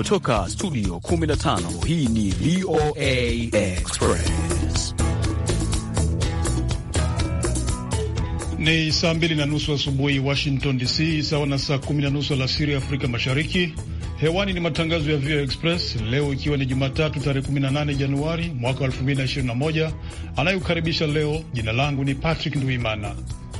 Kutoka studio 15 hii ni VOA Express. Ni saa mbili na nusu asubuhi wa Washington DC, sawa na saa kumi na nusu alasiri Afrika Mashariki. Hewani ni matangazo ya VOA Express leo, ikiwa ni Jumatatu tarehe 18 Januari mwaka 2021. Anayekukaribisha leo, jina langu ni Patrick Nduimana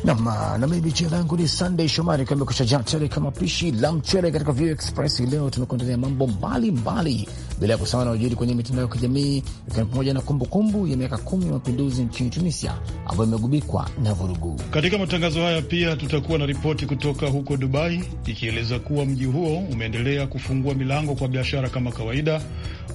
Nam na mimi jina langu ni Sunday Shomari, kwa imekusha tele kama pishi la mchele katika View Express. Leo tumekuandalia mambo mbalimbali, bila ya kusahau na ujiri kwenye mitandao ya kijamii, ikiwa pamoja na kumbukumbu ya miaka kumi ya mapinduzi nchini Tunisia ambayo imegubikwa na vurugu. Katika matangazo haya pia tutakuwa na ripoti kutoka huko Dubai ikieleza kuwa mji huo umeendelea kufungua milango kwa biashara kama kawaida,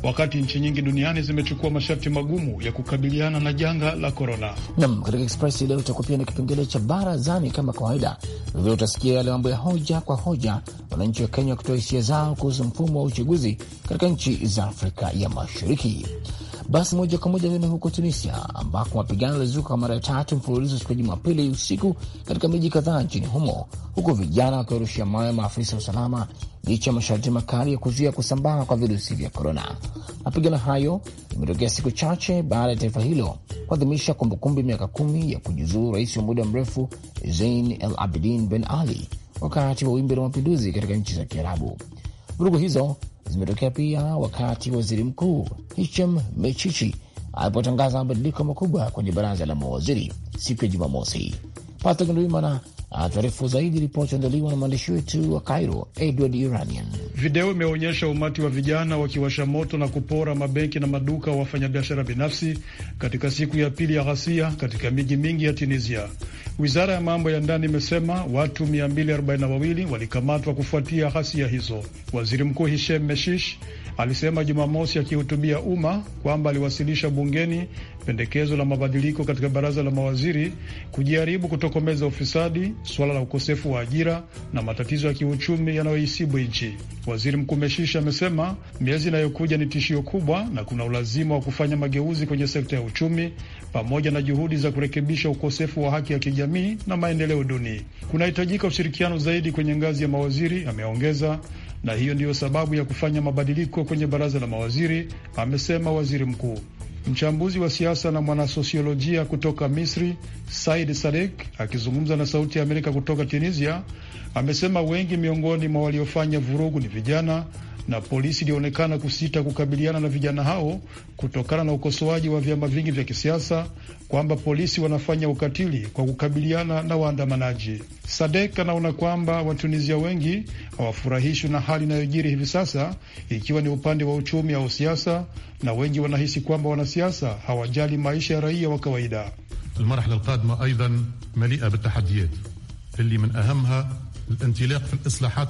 wakati nchi nyingi duniani zimechukua masharti magumu ya kukabiliana na janga la korona. Nam, katika Express leo tutakuwa pia na kipengele cha barazani kama kawaida. Vilevile utasikia yale mambo ya hoja kwa hoja, wananchi wa Kenya wakitoa hisia zao kuhusu mfumo wa uchaguzi katika nchi za Afrika ya Mashariki. Basi moja kwa moja tena huko Tunisia, ambako mapigano yalizuka kwa mara ya tatu mfululizo siku ya Jumapili usiku katika miji kadhaa nchini humo, huku vijana wakiwarushia mawe maafisa wa usalama licha ya masharti makali ya kuzuia kusambaa kwa virusi vya korona. Mapigano hayo yametokea siku chache baada ya taifa hilo kuadhimisha kumbukumbu miaka kumi ya kujuzuu rais wa muda mrefu Zein El Abidin Ben Ali wakati wa wimbi la mapinduzi katika nchi za Kiarabu. Vurugu hizo zimetokea pia wakati waziri mkuu Hichem Mechichi alipotangaza mabadiliko makubwa kwenye baraza la mawaziri siku ya Jumamosi. Patagundwimana taarifu zaidi ripoti andaliwa na mwandishi wetu wa Cairo, Edward Iranian. Video imeonyesha umati wa vijana wakiwasha moto na kupora mabenki na maduka wa wafanyabiashara binafsi katika siku ya pili ya ghasia katika miji mingi ya Tunisia. Wizara ya mambo ya ndani imesema watu 242 walikamatwa kufuatia ghasia hizo. Waziri Mkuu Hishem Meshish alisema Jumamosi akihutubia umma kwamba aliwasilisha bungeni pendekezo la mabadiliko katika baraza la mawaziri kujaribu kutokomeza ufisadi, suala la ukosefu wa ajira na matatizo ya kiuchumi yanayoisibu nchi. Waziri Mkuu Meshishi amesema miezi inayokuja ni tishio kubwa na kuna ulazima wa kufanya mageuzi kwenye sekta ya uchumi pamoja na juhudi za kurekebisha ukosefu wa haki ya kijamii na maendeleo duni. Kunahitajika ushirikiano zaidi kwenye ngazi ya mawaziri, ameongeza na hiyo ndiyo sababu ya kufanya mabadiliko kwenye baraza la mawaziri, amesema waziri mkuu. Mchambuzi wa siasa na mwanasosiolojia kutoka Misri Said Sadek akizungumza na Sauti ya Amerika kutoka Tunisia amesema wengi miongoni mwa waliofanya vurugu ni vijana na polisi ilionekana kusita kukabiliana na vijana hao kutokana na ukosoaji wa vyama vingi vya kisiasa kwamba polisi wanafanya ukatili kwa kukabiliana na waandamanaji. Sadek anaona kwamba Watunisia wengi hawafurahishwi na hali inayojiri hivi sasa, ikiwa ni upande wa uchumi au siasa, na wengi wanahisi kwamba wanasiasa hawajali maisha ya raia wa kawaida. almarhala alqadima aidan malia bitahadiyat illi min ahamha alintilaq fi alislahat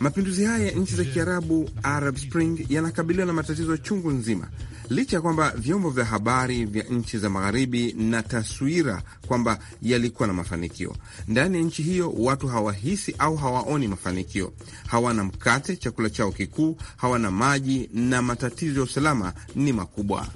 Mapinduzi haya ya nchi za Kiarabu, Arab Spring, yanakabiliwa na matatizo chungu nzima, licha ya kwamba vyombo vya habari vya nchi za Magharibi na taswira kwamba yalikuwa na mafanikio. Ndani ya nchi hiyo watu hawahisi au hawaoni mafanikio, hawana mkate, chakula chao kikuu, hawana maji, na matatizo ya usalama ni makubwa.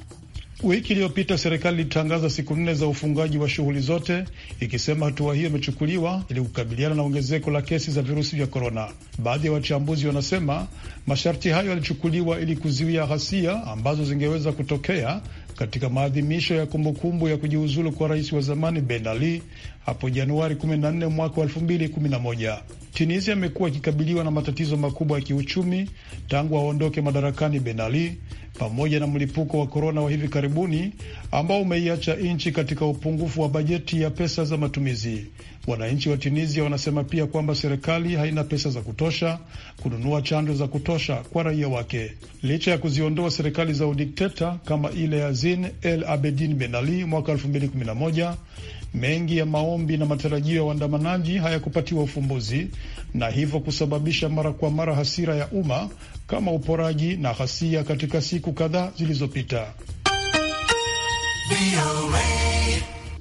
Wiki iliyopita serikali ilitangaza siku nne za ufungaji wa shughuli zote, ikisema hatua hiyo imechukuliwa ili kukabiliana na ongezeko la kesi za virusi vya korona. Baadhi ya wachambuzi wanasema masharti hayo yalichukuliwa ili kuzuia ghasia ambazo zingeweza kutokea katika maadhimisho ya kumbukumbu ya kujiuzulu kwa rais wa zamani Ben Ali hapo Januari 14 mwaka wa 2011. Tunisia imekuwa ikikabiliwa na matatizo makubwa ya kiuchumi tangu aondoke madarakani Ben Ali pamoja na mlipuko wa korona wa hivi karibuni ambao umeiacha nchi katika upungufu wa bajeti ya pesa za matumizi. Wananchi wa Tunisia wanasema pia kwamba serikali haina pesa za kutosha kununua chanjo za kutosha kwa raia wake, licha ya kuziondoa serikali za udikteta kama ile ya Zine El Abedin Ben Ali mwaka 2011. Mengi ya maombi na matarajio ya waandamanaji hayakupatiwa ufumbuzi na hivyo kusababisha mara kwa mara hasira ya umma kama uporaji na ghasia katika siku kadhaa zilizopita.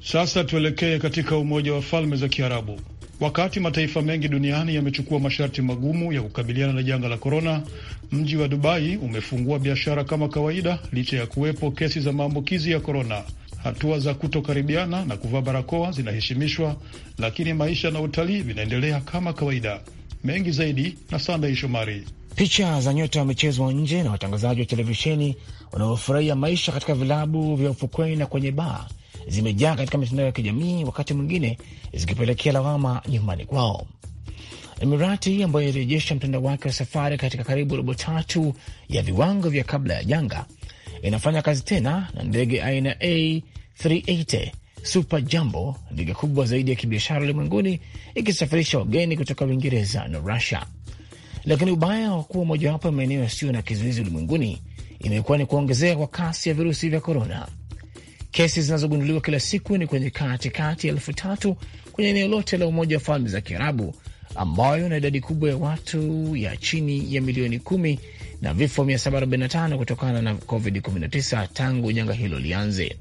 Sasa tuelekee katika Umoja wa Falme za Kiarabu. Wakati mataifa mengi duniani yamechukua masharti magumu ya kukabiliana na janga la korona, mji wa Dubai umefungua biashara kama kawaida licha ya kuwepo kesi za maambukizi ya korona. Hatua za kutokaribiana na kuvaa barakoa zinaheshimishwa, lakini maisha na utalii vinaendelea kama kawaida. Mengi zaidi na Sandai Shomari. Picha za nyota wa michezo wa nje na watangazaji wa televisheni wanaofurahia maisha katika vilabu vya ufukweni na kwenye baa zimejaa katika mitandao ya kijamii, wakati mwingine zikipelekea lawama nyumbani kwao. Emirati ambayo ilirejesha mtandao wake wa safari katika karibu robo tatu ya viwango vya kabla ya janga inafanya kazi tena na ndege aina A380 Super Jumbo, ndege kubwa zaidi ya kibiashara ulimwenguni, ikisafirisha wageni kutoka Uingereza na Rusia. Lakini ubaya wa kuwa mojawapo ya maeneo yasiyo na kizuizi ulimwenguni imekuwa ni kuongezeka kwa kasi ya virusi vya korona. Kesi zinazogunduliwa kila siku ni kwenye katikati ya elfu tatu kwenye eneo lote la Umoja wa Falme za Kiarabu, ambayo na idadi kubwa ya watu ya chini ya milioni kumi na vifo 745 kutokana na COVID-19 tangu janga hilo lianze.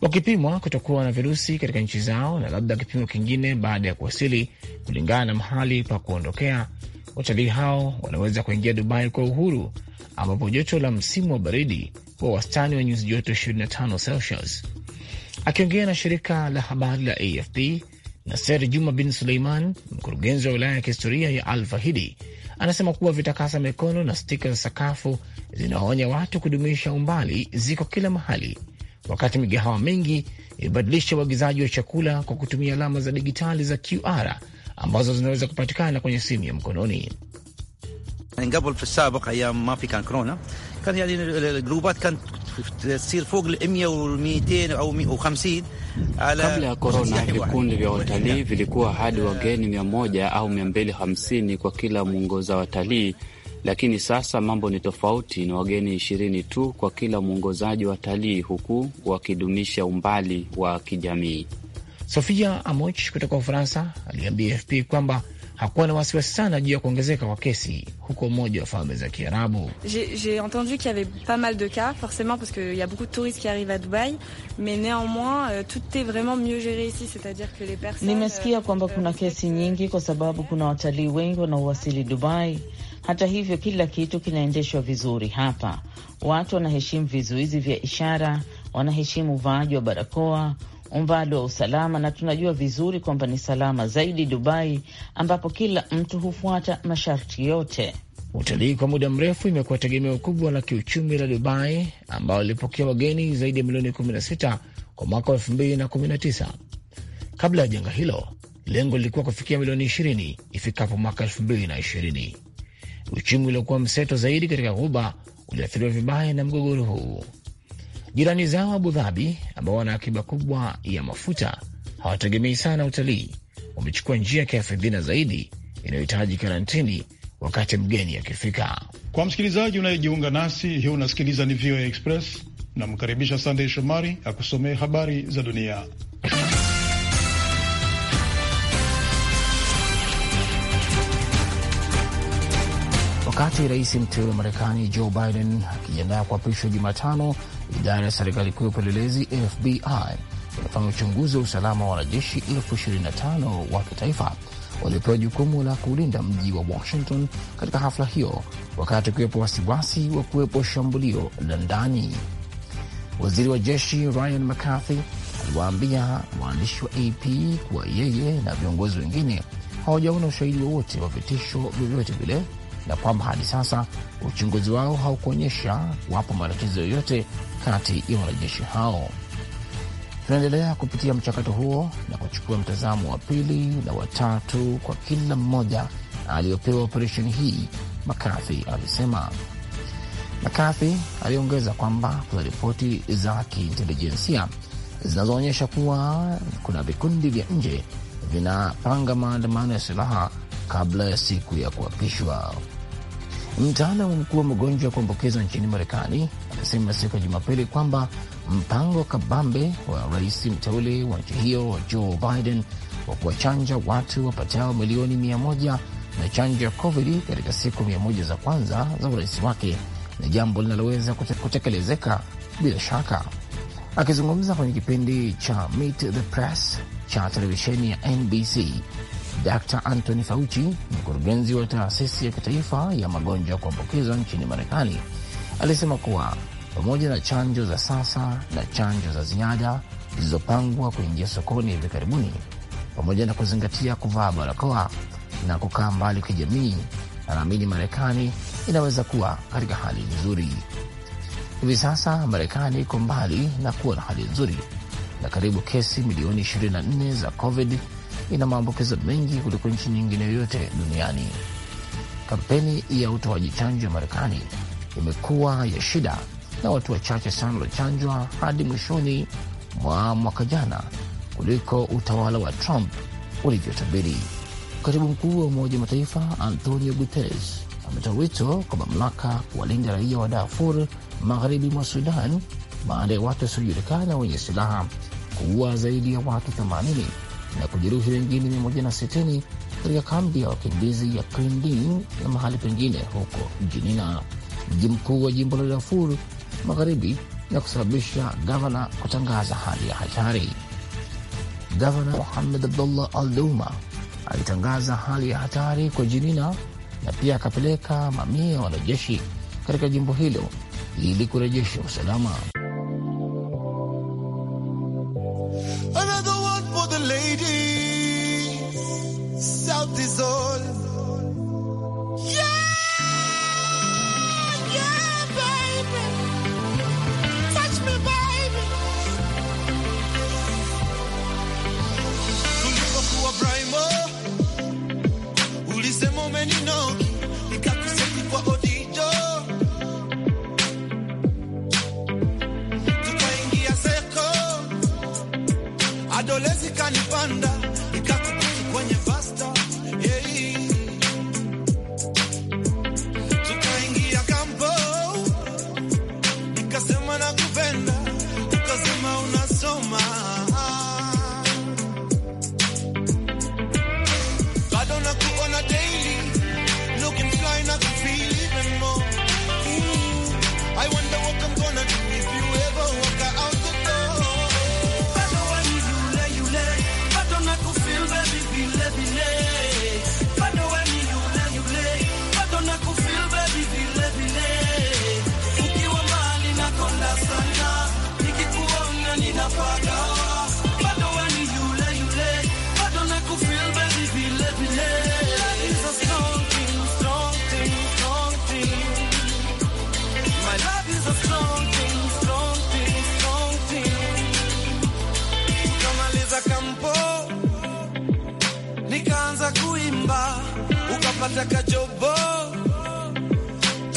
Wakipimwa kutokuwa na virusi katika nchi zao na labda kipimo kingine baada ya kuwasili, kulingana na mahali pa kuondokea, Watalii hao wanaweza kuingia Dubai kwa uhuru, ambapo joto la msimu wa baridi wa wastani wa nyuzi joto 25 Celsius. Akiongea na shirika la habari la AFP, Naser Juma bin Suleiman, mkurugenzi wa wilaya ya kihistoria ya Al Fahidi, anasema kuwa vitakasa mikono na stika za sakafu zinaonya watu kudumisha umbali ziko kila mahali, wakati migahawa mingi imebadilisha uagizaji wa chakula kwa kutumia alama za digitali za QR ambazo zinaweza kupatikana kwenye simu ya mkononi. Kabla ya korona vikundi vya watalii vilikuwa hadi wageni 100 au 250 kwa kila mwongoza watalii, lakini sasa mambo ni tofauti. Ni wageni 20 tu kwa kila mwongozaji watalii, huku wakidumisha umbali wa kijamii. Sofia Amoch kutoka Ufaransa aliambia AFP kwamba hakuwa na wasiwasi sana juu ya kuongezeka kwa kesi huko Umoja wa Falme za Kiarabu. J'ai entendu qu'il y avait pas mal de cas forcément parce qu'il y a beaucoup de touristes qui arrivent à Dubai mais néanmoins euh, tout est vraiment mieux géré ici c'est-à-dire que les personnes. Nimesikia euh, kwamba kuna euh, kesi nyingi kwa sababu kuna watalii wengi wanaowasili Dubai. Hata hivyo, kila kitu kinaendeshwa vizuri hapa. Watu wanaheshimu vizuizi vya ishara, wanaheshimu uvaaji wa barakoa umbali wa usalama, na tunajua vizuri kwamba ni salama zaidi Dubai, ambapo kila mtu hufuata masharti yote. Utalii kwa muda mrefu imekuwa tegemeo kubwa la kiuchumi la Dubai, ambao lilipokea wageni zaidi ya milioni 16 kwa mwaka wa 2019. Kabla ya janga hilo, lengo lilikuwa kufikia milioni 20 ifikapo mwaka 2020. Uchumi uliokuwa mseto zaidi katika Ghuba uliathiriwa vibaya na mgogoro huu. Jirani zao Abu Dhabi, ambao wana akiba kubwa ya mafuta, hawategemei sana utalii, wamechukua njia ya kiafidhina zaidi inayohitaji karantini wakati mgeni akifika. Kwa msikilizaji unayejiunga nasi, hiyo unasikiliza ni VOA Express. Namkaribisha Sandey Shomari akusomee habari za dunia. Wakati rais mteule wa Marekani Joe Biden akijiandaa kuapishwa Jumatano idara ya serikali kuu ya upelelezi FBI inafanya uchunguzi wa usalama wa wanajeshi elfu ishirini na tano wa kitaifa waliopewa jukumu la kulinda mji wa Washington katika hafla hiyo, wakati ukiwepo wasiwasi wa kuwepo shambulio la ndani. Waziri wa jeshi Ryan McCarthy aliwaambia waandishi wa AP kuwa yeye na viongozi wengine hawajaona ushahidi wowote wa vitisho vyovyote vile na kwamba hadi sasa uchunguzi wao haukuonyesha wapo matatizo yoyote kati ya wanajeshi hao. Tunaendelea kupitia mchakato huo na kuchukua mtazamo wa pili na watatu kwa kila mmoja aliyopewa operesheni hii, Makathi alisema. Makathi aliongeza kwamba kuna ripoti za kiintelijensia zinazoonyesha kuwa kuna vikundi vya nje vinapanga maandamano ya silaha kabla ya siku ya kuapishwa. Mtaalamu mkuu wa magonjwa ya kuambukizwa nchini Marekani alisema siku ya Jumapili kwamba mpango kabambe wa rais mteule wa nchi hiyo jo Joe Biden wa kuwachanja watu wapatao milioni mia moja na chanjo ya COVID katika siku mia moja za kwanza za urais wake ni jambo linaloweza kutekelezeka bila shaka. Akizungumza kwenye kipindi cha Meet the Press cha televisheni ya NBC Dr Anthony Fauci, mkurugenzi wa taasisi ya kitaifa ya magonjwa ya kuambukizwa nchini Marekani, alisema kuwa pamoja na chanjo za sasa na chanjo za ziada zilizopangwa kuingia sokoni hivi karibuni, pamoja na kuzingatia kuvaa barakoa na kukaa mbali kijamii, anaamini Marekani inaweza kuwa katika hali nzuri. Hivi sasa Marekani iko mbali na kuwa na hali nzuri na karibu kesi milioni 24 za COVID ina maambukizo mengi kuliko nchi nyingine yoyote duniani. Kampeni ya utoaji chanjo ya Marekani imekuwa ya shida na watu wachache sana waliochanjwa hadi mwishoni mwa mwaka jana kuliko utawala wa Trump ulivyotabiri. Katibu mkuu wa Umoja wa Mataifa Antonio Guterres ametoa wito kwa mamlaka kuwalinda raia wa Darfur magharibi mwa Sudan baada ya watu wasiojulikana wenye silaha kuua zaidi ya watu na kujeruhi wengine 160 katika kambi ya wakimbizi ya Krindin na mahali pengine huko Jinina, mji mkuu wa jimbo la Darfur Magharibi, na kusababisha gavana kutangaza hali ya hatari. Gavana Muhamed Abdullah Al Duma alitangaza hali ya hatari kwa Jinina na pia akapeleka mamia ya wanajeshi katika jimbo hilo ili kurejesha usalama. without this. pataka jobo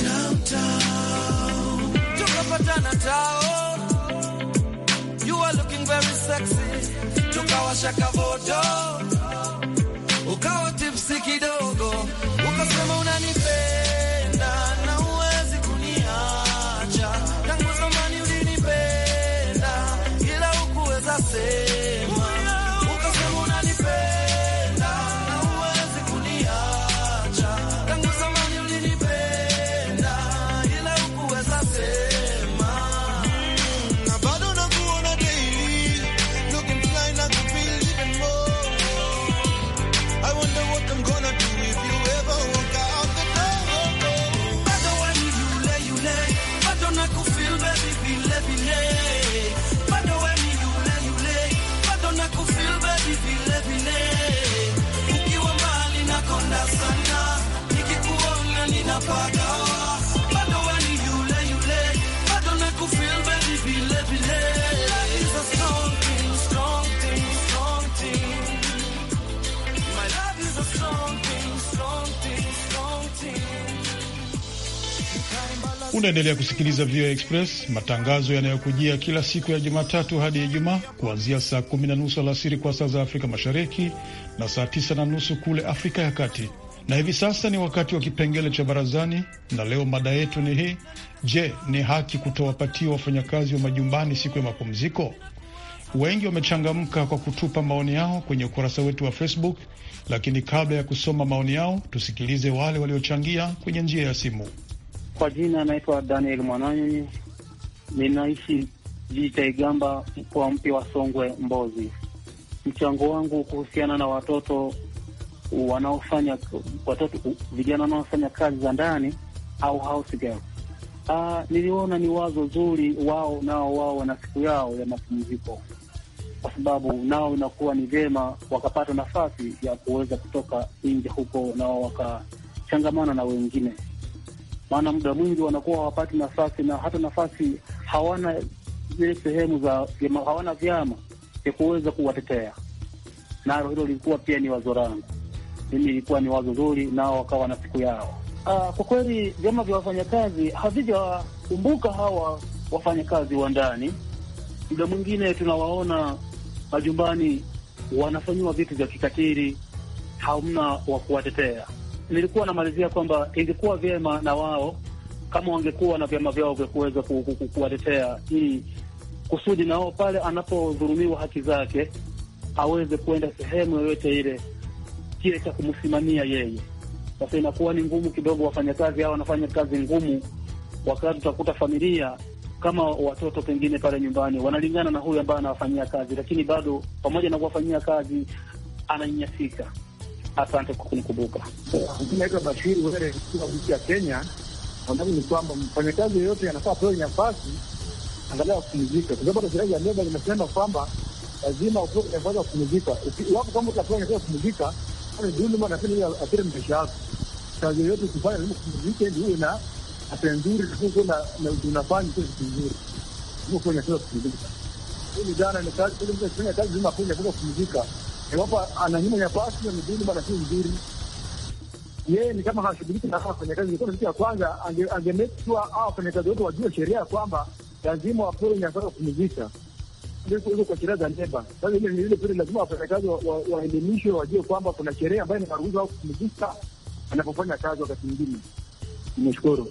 downtown, tukapatana tao, you are looking very sexy, tukawasha kavoto, ukawa tipsi kidogo, ukasema unanipenda Unaendelea kusikiliza VOA Express, matangazo yanayokujia kila siku ya Jumatatu hadi Ijumaa kuanzia saa kumi na nusu alasiri kwa saa za Afrika Mashariki na saa tisa na nusu kule Afrika ya Kati. Na hivi sasa ni wakati wa kipengele cha barazani, na leo mada yetu ni hii: Je, ni haki kutowapatia wafanyakazi wa majumbani siku ya mapumziko? Wengi wamechangamka kwa kutupa maoni yao kwenye ukurasa wetu wa Facebook, lakini kabla ya kusoma maoni yao, tusikilize wale waliochangia kwenye njia ya simu. Kwa jina naitwa Daniel Mwananyonyi, ninaishi Jitaigamba, mkoa mpya wa Songwe, Mbozi. Mchango wangu kuhusiana na watoto wanaofanya watoto vijana wanaofanya kazi za ndani au house girl. Ah, niliona ni wazo zuri, wao nao wao wana siku yao ya mapumziko, kwa sababu nao inakuwa ni vyema wakapata nafasi ya kuweza kutoka nje huko, nao wakachangamana na wengine maana muda mwingi wanakuwa hawapati nafasi na hata nafasi hawana zile sehemu za hawana vyama vya kuweza kuwatetea. Nalo hilo lilikuwa pia ni wazo langu mimi, ilikuwa ni wazo zuri, nao wakawa na siku yao. Aa, ah, kwa kweli vyama vya wafanyakazi havijakumbuka hawa wafanyakazi wa ndani. Muda mwingine tunawaona majumbani wanafanyiwa vitu vya kikatili, hamna wa kuwatetea nilikuwa namalizia kwamba ingekuwa vyema na wao kama wangekuwa na vyama vyao vya kuweza kuwaletea hii kusudi, wao pale anapodhulumiwa haki zake aweze kuenda sehemu yoyote ile kile cha kumsimamia yeye. Sasa inakuwa ni ngumu kidogo, wafanyakazi hao wanafanya kazi ngumu, wakati utakuta familia kama watoto pengine pale nyumbani wanalingana na huyu ambaye anawafanyia kazi, lakini bado pamoja na kuwafanyia kazi ananyanyasika. Asante kwa kunikumbuka. Naitwa Bashiri Were kutoka nchi ya Kenya. Anau ni kwamba mfanyakazi yeyote anafaa apewe nafasi angalia kupumzika, kwa sababu sheria ya leba limesema kwamba lazima upewe nafasi ya kupumzika. Iwapo kama utapewa nafasi ya kupumzika, ni dhuluma na pili athiri maisha yako. Kazi yoyote ukifanya lazima kupumzike, ndio uwe na afya nzuri, na unafanya vitu vizuri, lazima upewe nafasi ya kupumzika. Hii ni dhana, ni kazi, kufanya kazi lazima apewe nafasi ya kupumzika iwapo ananyuma ya pasi ya mzuri, bana, si mzuri yeye ni kama hashughuliki na wafanyakazi. Ilikuwa ya kwanza, angemekishwa au wafanyakazi wote wajue sheria ya kwamba lazima wapewe nafasi ya kupumzika iko kwa sheria za leba. Sasa ile ile pili, lazima wafanyakazi waelimishwe, wajue kwamba kuna sheria ambayo inawaruhusu au kupumzika anapofanya kazi wakati mwingine. Nimeshukuru.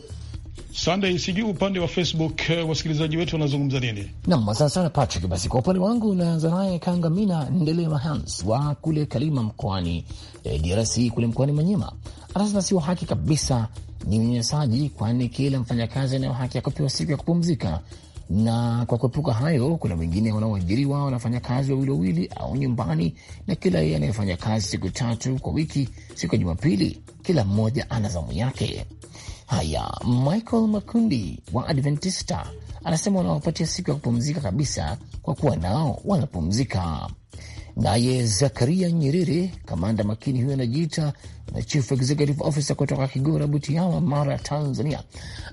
Sunday, sijui upande wa Facebook eh, wasikilizaji wetu wanazungumza nini? Nam, asante sana Patrick. Basi kwa upande wangu naanza naye Kanga Mina Ndelema Hans wa kule Kalima mkoani eh, DRC kule mkoani Manyema, anasema sio haki kabisa, ni unyanyasaji, kwani kila mfanyakazi anayo haki ya kupewa siku ya kupumzika na kwa kuepuka hayo, kuna wengine wanaoajiriwa wanafanya kazi wawili wawili au nyumbani, na kila yeye anayefanya kazi siku tatu kwa wiki, siku ya Jumapili, kila mmoja ana zamu yake. Haya, Michael Makundi wa Adventista anasema wanawapatia siku ya kupumzika kabisa, kwa kuwa nao wanapumzika. Naye Zakaria Nyerere, kamanda makini huyo anajiita na chief executive officer kutoka Kigora Butiawa, Mara, Tanzania,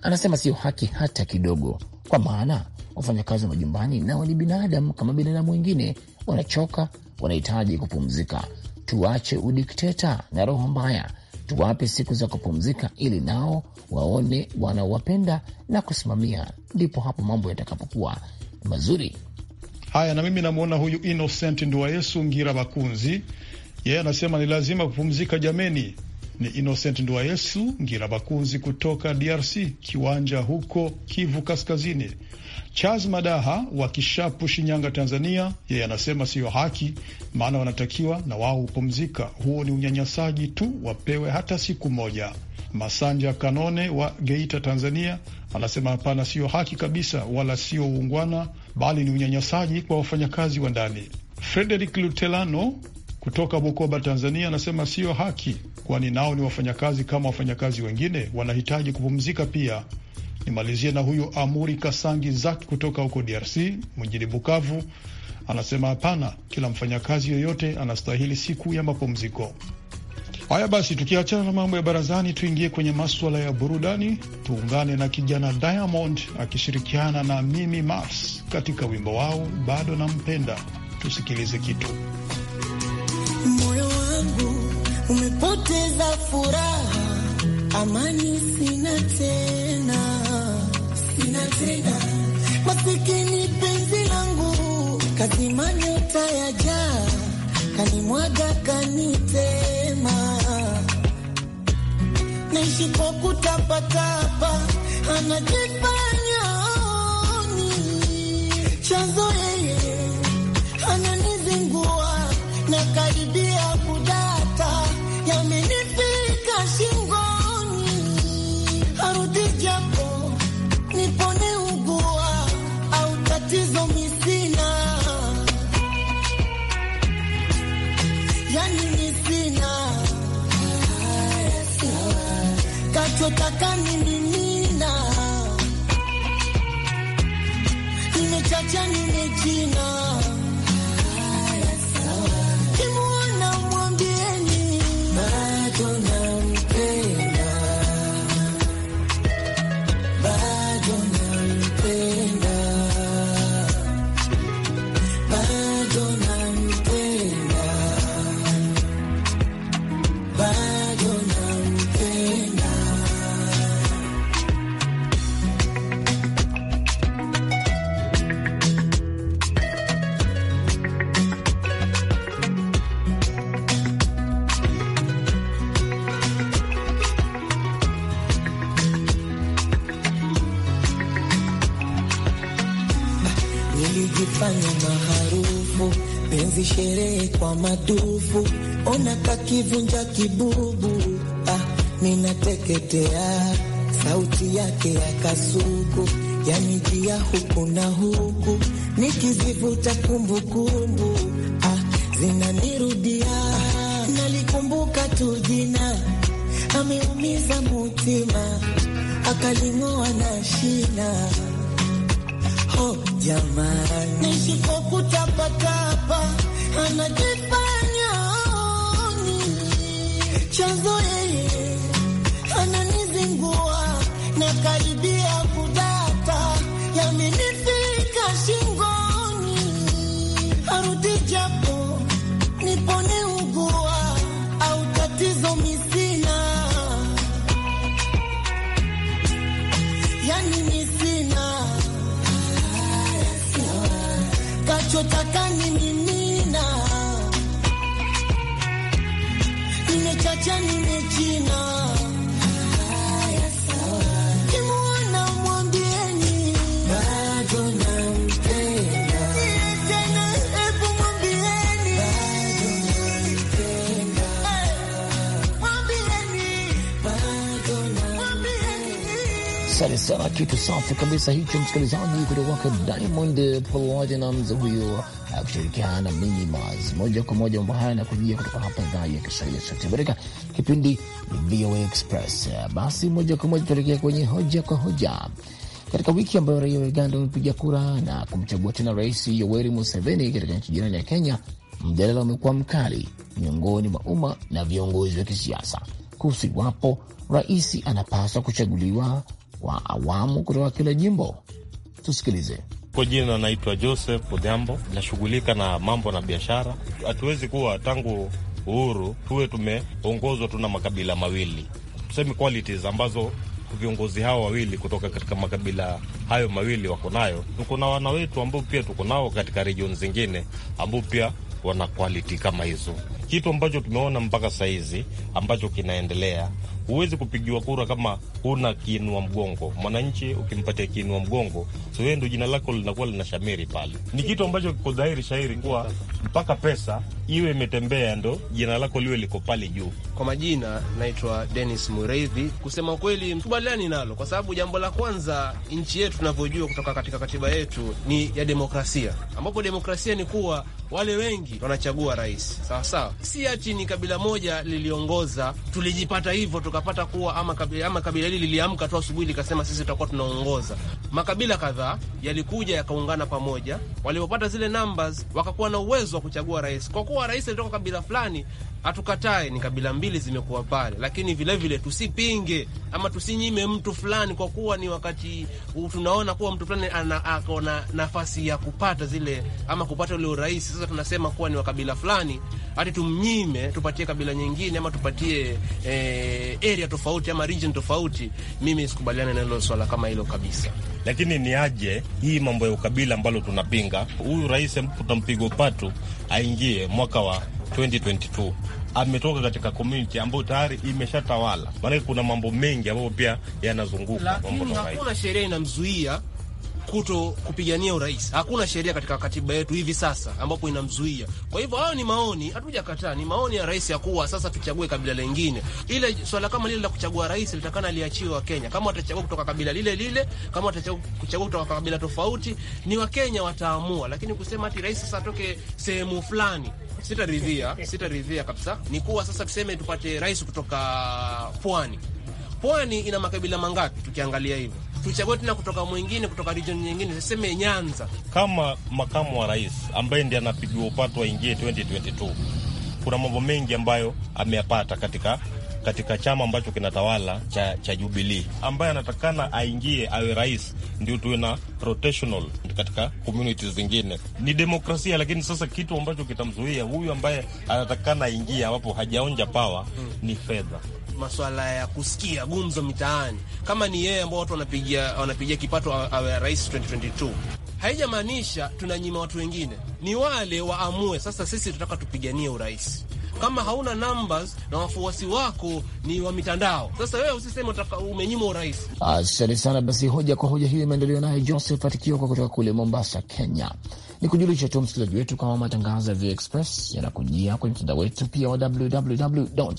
anasema sio haki hata kidogo, kwa maana wafanyakazi wa majumbani nao ni binadamu kama binadamu wengine, wanachoka, wanahitaji kupumzika. Tuache udikteta na roho mbaya tuwape siku za kupumzika ili nao waone wanaowapenda na kusimamia. Ndipo hapo mambo yatakapokuwa mazuri. Haya, na mimi namwona huyu Innocent yesu Ngira Bakunzi, yeye anasema ni lazima kupumzika jameni. Ni Innocent yesu Ngira Bakunzi kutoka DRC, kiwanja huko Kivu Kaskazini. Charles Madaha wa Kishapu, Shinyanga, Tanzania, yeye anasema siyo haki, maana wanatakiwa na wao hupumzika. Huo ni unyanyasaji tu, wapewe hata siku moja. Masanja Kanone wa Geita, Tanzania, anasema hapana, siyo haki kabisa, wala sio uungwana, bali ni unyanyasaji kwa wafanyakazi wa ndani. Frederick Lutelano kutoka Bukoba, Tanzania, anasema siyo haki, kwani nao ni wafanyakazi kama wafanyakazi wengine, wanahitaji kupumzika pia. Nimalizie na huyu Amuri Kasangi Zak kutoka huko DRC mjini Bukavu, anasema hapana, kila mfanyakazi yoyote anastahili siku ya mapumziko. Haya basi, tukiachana na mambo ya barazani, tuingie kwenye maswala ya burudani. Tuungane na kijana Diamond akishirikiana na Mimi Mars katika wimbo wao bado nampenda. Tusikilize kitu. Moyo wangu umepoteza furaha, amani sina tena masikini penzi langu, kazima nyota ya jaa, kanimwaga kanitema, naishi kwa kutapatapa, anajifanya oni chanzo yeye ananizingua na karibu unachotaka ni mimina, nimechacha nimechina Tulijifanya maharufu penzi sherehe kwa madufu, ona kakivunja kibubu, ah, ninateketea. Sauti yake ya kasuku yanijia huku na huku, nikizivuta kumbukumbu, ah, zinanirudia. Nalikumbuka tu jina, ameumiza mutima, akaling'oa na shina wako jamani, nisipokutapatapa anajifanya ni chanzo, yeye ananizingua na karibia kudata, yamenifika shingoni, arudi japo nipone ugua au tatizo misina yani unachotaka ni mimina, nimechacha nimechina Asante sana, kitu safi kabisa hicho, msikilizaji kutoka kwake Diamond Platnumz huyo akishirikiana na Minimals. Moja kwa moja mambo haya yanakujia kutoka hapa idhaa ya Kiswahili ya Sauti Amerika, kipindi VOA Express. Basi moja kwa moja tuelekea kwenye hoja kwa hoja. Katika wiki ambayo raia wa Uganda wamepiga kura na kumchagua tena Rais Yoweri Museveni katika nchi jirani ya Kenya, mjadala umekuwa mkali miongoni mwa umma na viongozi wa kisiasa kuhusu iwapo rais anapaswa kuchaguliwa wa awamu kutoka kile jimbo. Tusikilize. Kwa jina naitwa Joseph Odhiambo, nashughulika na mambo na biashara. Hatuwezi kuwa tangu uhuru tuwe tumeongozwa, tuna makabila mawili, tuseme qualities ambazo viongozi hao wawili kutoka katika makabila hayo mawili wako nayo. Tuko na wana wetu ambao pia tuko nao katika region zingine ambao pia wana quality kama hizo. Kitu ambacho tumeona mpaka sahizi ambacho kinaendelea Huwezi kupigiwa kura kama huna kiinua mgongo. Mwananchi ukimpatia kiinua mgongo, so wewe ndio jina lako linakuwa lina shamiri pale. Ni kitu ambacho kiko dhahiri shahiri kuwa mpaka pesa iwe imetembea ndo jina lako liwe liko pale juu. Kwa majina naitwa denis Mureithi. Kusema kweli mkubaliani nalo kwa sababu jambo la kwanza, nchi yetu tunavyojua kutoka katika katiba yetu ni ya demokrasia, ambapo demokrasia ni kuwa wale wengi wanachagua rais sawa sawa, si ati ni kabila moja liliongoza. Tulijipata hivyo tukapata kuwa ama kabila, ama kabila hili liliamka tu asubuhi likasema sisi tutakuwa tunaongoza. Makabila kadhaa yalikuja yakaungana pamoja, walipopata zile numbers wakakuwa na uwezo wa kuchagua rais. Kwa kuwa rais alitoka kabila fulani, hatukatae, ni kabila mbili zimekuwa pale, lakini vilevile tusipinge ama tusinyime mtu fulani, kwa kuwa ni wakati tunaona kuwa mtu fulani ana, ana nafasi ya kupata zile ama kupata ule urais sasa tunasema kuwa ni wa kabila fulani, hati tumnyime, tupatie kabila nyingine ama tupatie eh, area tofauti ama region tofauti. Mimi sikubaliana na hilo swala kama hilo kabisa. Lakini ni aje hii mambo ya ukabila ambalo tunapinga? Huyu rais mpigo patu aingie mwaka wa 2022 ametoka katika community ambayo tayari imeshatawala, maanake kuna mambo mengi ambayo pia yanazunguka, lakini hakuna sheria inamzuia kuto kupigania urais. Hakuna sheria katika katiba yetu hivi sasa ambapo inamzuia. Kwa hivyo hayo ni maoni, hatujakataa, ni maoni ya rais ya kuwa sasa tuchague kabila lingine. Ile swala kama lile la kuchagua rais litakana liachiwe wa Kenya, kama watachagua kutoka kabila lile lile, kama watachagua kuchagua kutoka kabila tofauti, ni wa Kenya wataamua. Lakini kusema ati rais sasa atoke sehemu fulani Sitaridhia, sitaridhia kabisa. Ni kuwa sasa tuseme tupate rais kutoka pwani. Pwani ina makabila mangapi? Tukiangalia hivyo, tuchague tena kutoka mwingine, kutoka region nyingine, tuseme Nyanza. Kama makamu wa rais ambaye ndiye anapigiwa upato aingie 2022 kuna mambo mengi ambayo ameyapata katika katika chama ambacho kinatawala cha, cha Jubilii ambaye anatakana aingie awe rais, ndio tuwe na rotational katika communities zingine. Ni demokrasia, lakini sasa kitu ambacho kitamzuia huyu ambaye anatakana aingie ambapo hajaonja power ni fedha maswala ya kusikia gumzo mitaani, kama ni yeye ambao watu wanapigia wanapigia kipato awe rais 2022 haijamaanisha tunanyima watu wengine, ni wale waamue sasa. Sisi tunataka tupiganie urais. Kama hauna numbers na wafuasi wako ni wa mitandao, sasa wewe usiseme umenyima urais. Asante sana. Basi hoja kwa hoja hiyo imeendelewa naye Josephat Kioko kutoka kule Mombasa, Kenya. Ni kujulisha tu msikilizaji wetu kama matangazo ya VOA Express yanakujia kwenye mtandao wetu pia wa www voa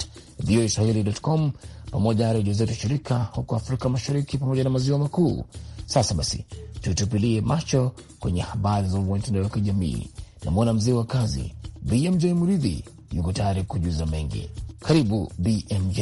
pamoja na redio zetu shirika huko Afrika Mashariki pamoja na maziwa makuu. Sasa basi, tutupilie macho kwenye habari za mitandao ya kijamii. Namwona mzee wa kazi BMJ Muridhi yuko tayari kujuza mengi. Karibu BMJ.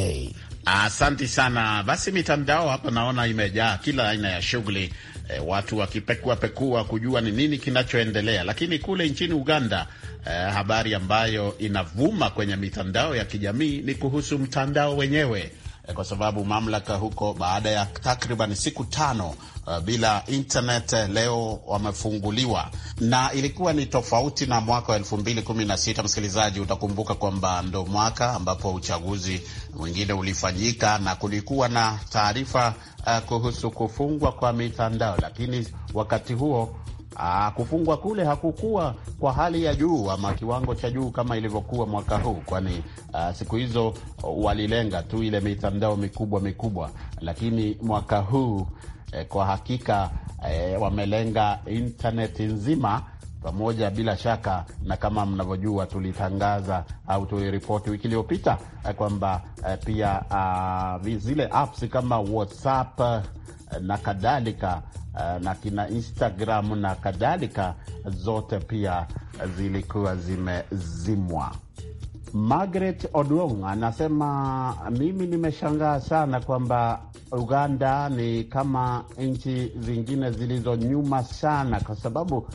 Asante sana. Basi mitandao hapa naona imejaa kila aina ya shughuli e, watu wakipekua pekua kujua ni nini kinachoendelea. Lakini kule nchini Uganda e, habari ambayo inavuma kwenye mitandao ya kijamii ni kuhusu mtandao wenyewe Eh, kwa sababu mamlaka huko baada ya takriban siku tano uh, bila internet eh, leo wamefunguliwa, na ilikuwa ni tofauti na mwaka wa elfu mbili kumi na sita. Msikilizaji, utakumbuka kwamba ndo mwaka ambapo uchaguzi mwingine ulifanyika na kulikuwa na taarifa uh, kuhusu kufungwa kwa mitandao, lakini wakati huo Aa, ah, kufungwa kule hakukuwa kwa hali ya juu ama kiwango cha juu kama ilivyokuwa mwaka huu, kwani uh, siku hizo walilenga tu ile mitandao mikubwa mikubwa, lakini mwaka huu eh, kwa hakika eh, wamelenga intaneti nzima pamoja bila shaka, na kama mnavyojua tulitangaza au tuliripoti wiki iliyopita eh, kwamba eh, pia uh, zile apps kama WhatsApp Eh, na kadhalika eh, na kina Instagram na kadhalika, zote pia zilikuwa zimezimwa. Margaret Odwong anasema mimi nimeshangaa sana kwamba Uganda ni kama nchi zingine zilizo nyuma sana, kwa sababu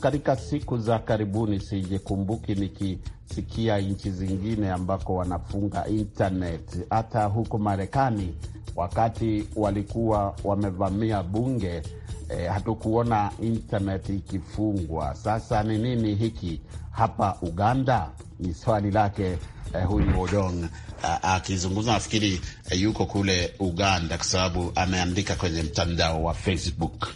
katika siku za karibuni sijikumbuki nikisikia nchi zingine ambako wanafunga internet, hata huko Marekani wakati walikuwa wamevamia bunge e, hatukuona internet ikifungwa. Sasa ni nini hiki hapa Uganda? Ni swali lake e, huyu Odong akizungumza. Nafikiri e, yuko kule Uganda kwa sababu ameandika kwenye mtandao wa Facebook.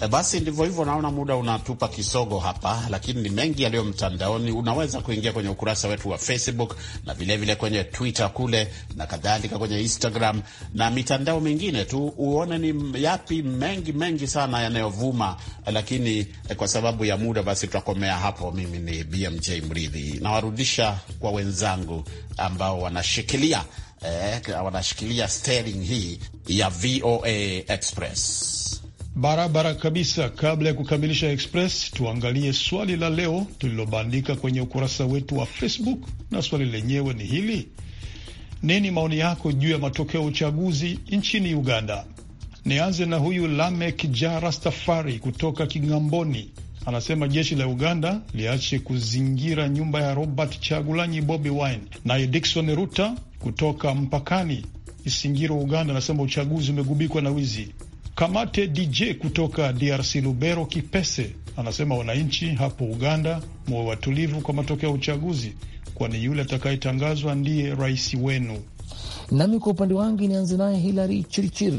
Eh, basi ndivyo hivyo, naona muda unatupa kisogo hapa, lakini ni mengi yaliyo mtandaoni. Unaweza kuingia kwenye ukurasa wetu wa Facebook na vilevile vile kwenye Twitter kule na kadhalika, kwenye Instagram na mitandao mingine tu, uone ni yapi mengi mengi sana yanayovuma, lakini eh, kwa sababu ya muda, basi tutakomea hapo. Mimi ni BMJ Mridhi, nawarudisha kwa wenzangu ambao wanashikilia eh, wanashikilia steering hii ya VOA Express. Barabara kabisa. Kabla ya kukamilisha Express, tuangalie swali la leo tulilobandika kwenye ukurasa wetu wa Facebook, na swali lenyewe ni hili: nini maoni yako juu ya matokeo ya uchaguzi nchini Uganda? Nianze na huyu Lamek Ja Rastafari kutoka Kigamboni, anasema jeshi la Uganda liache kuzingira nyumba ya Robert Chagulanyi Bobi Wine. Naye Dikson Ruta kutoka mpakani Isingiro, Uganda, anasema uchaguzi umegubikwa na wizi Kamate DJ kutoka DRC Lubero Kipese anasema wananchi hapo Uganda muwe watulivu kwa matokeo ya uchaguzi, kwani yule atakayetangazwa ndiye rais wenu. Nami kwa upande wangu nianze naye Hilary Chirchir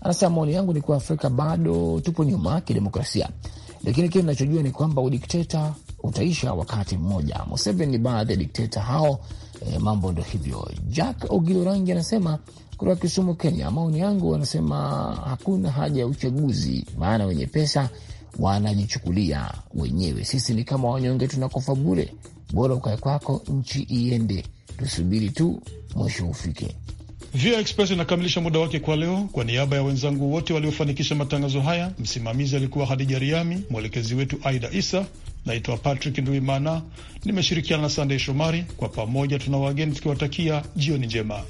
anasema maoni yangu ni kuwa Afrika bado tupo nyuma kidemokrasia, lakini kile tunachojua ni kwamba udikteta utaisha wakati mmoja. Museveni ni baadhi ya dikteta hao. E, mambo ndo hivyo. Jack Ogilorangi anasema kutoka Kisumu, Kenya. Maoni yangu wanasema hakuna haja ya uchaguzi, maana wenye pesa wanajichukulia wenyewe. Sisi ni kama wanyonge, tunakofa bure. Bora ukae kwako, nchi iende, tusubiri tu mwisho ufike. Via Express inakamilisha muda wake kwa leo. Kwa niaba ya wenzangu wote waliofanikisha matangazo haya, msimamizi alikuwa Hadija Riami, mwelekezi wetu Aida Isa. Naitwa Patrick Nduimana, nimeshirikiana na Sandey Shomari. Kwa pamoja tuna wageni tukiwatakia jioni njema.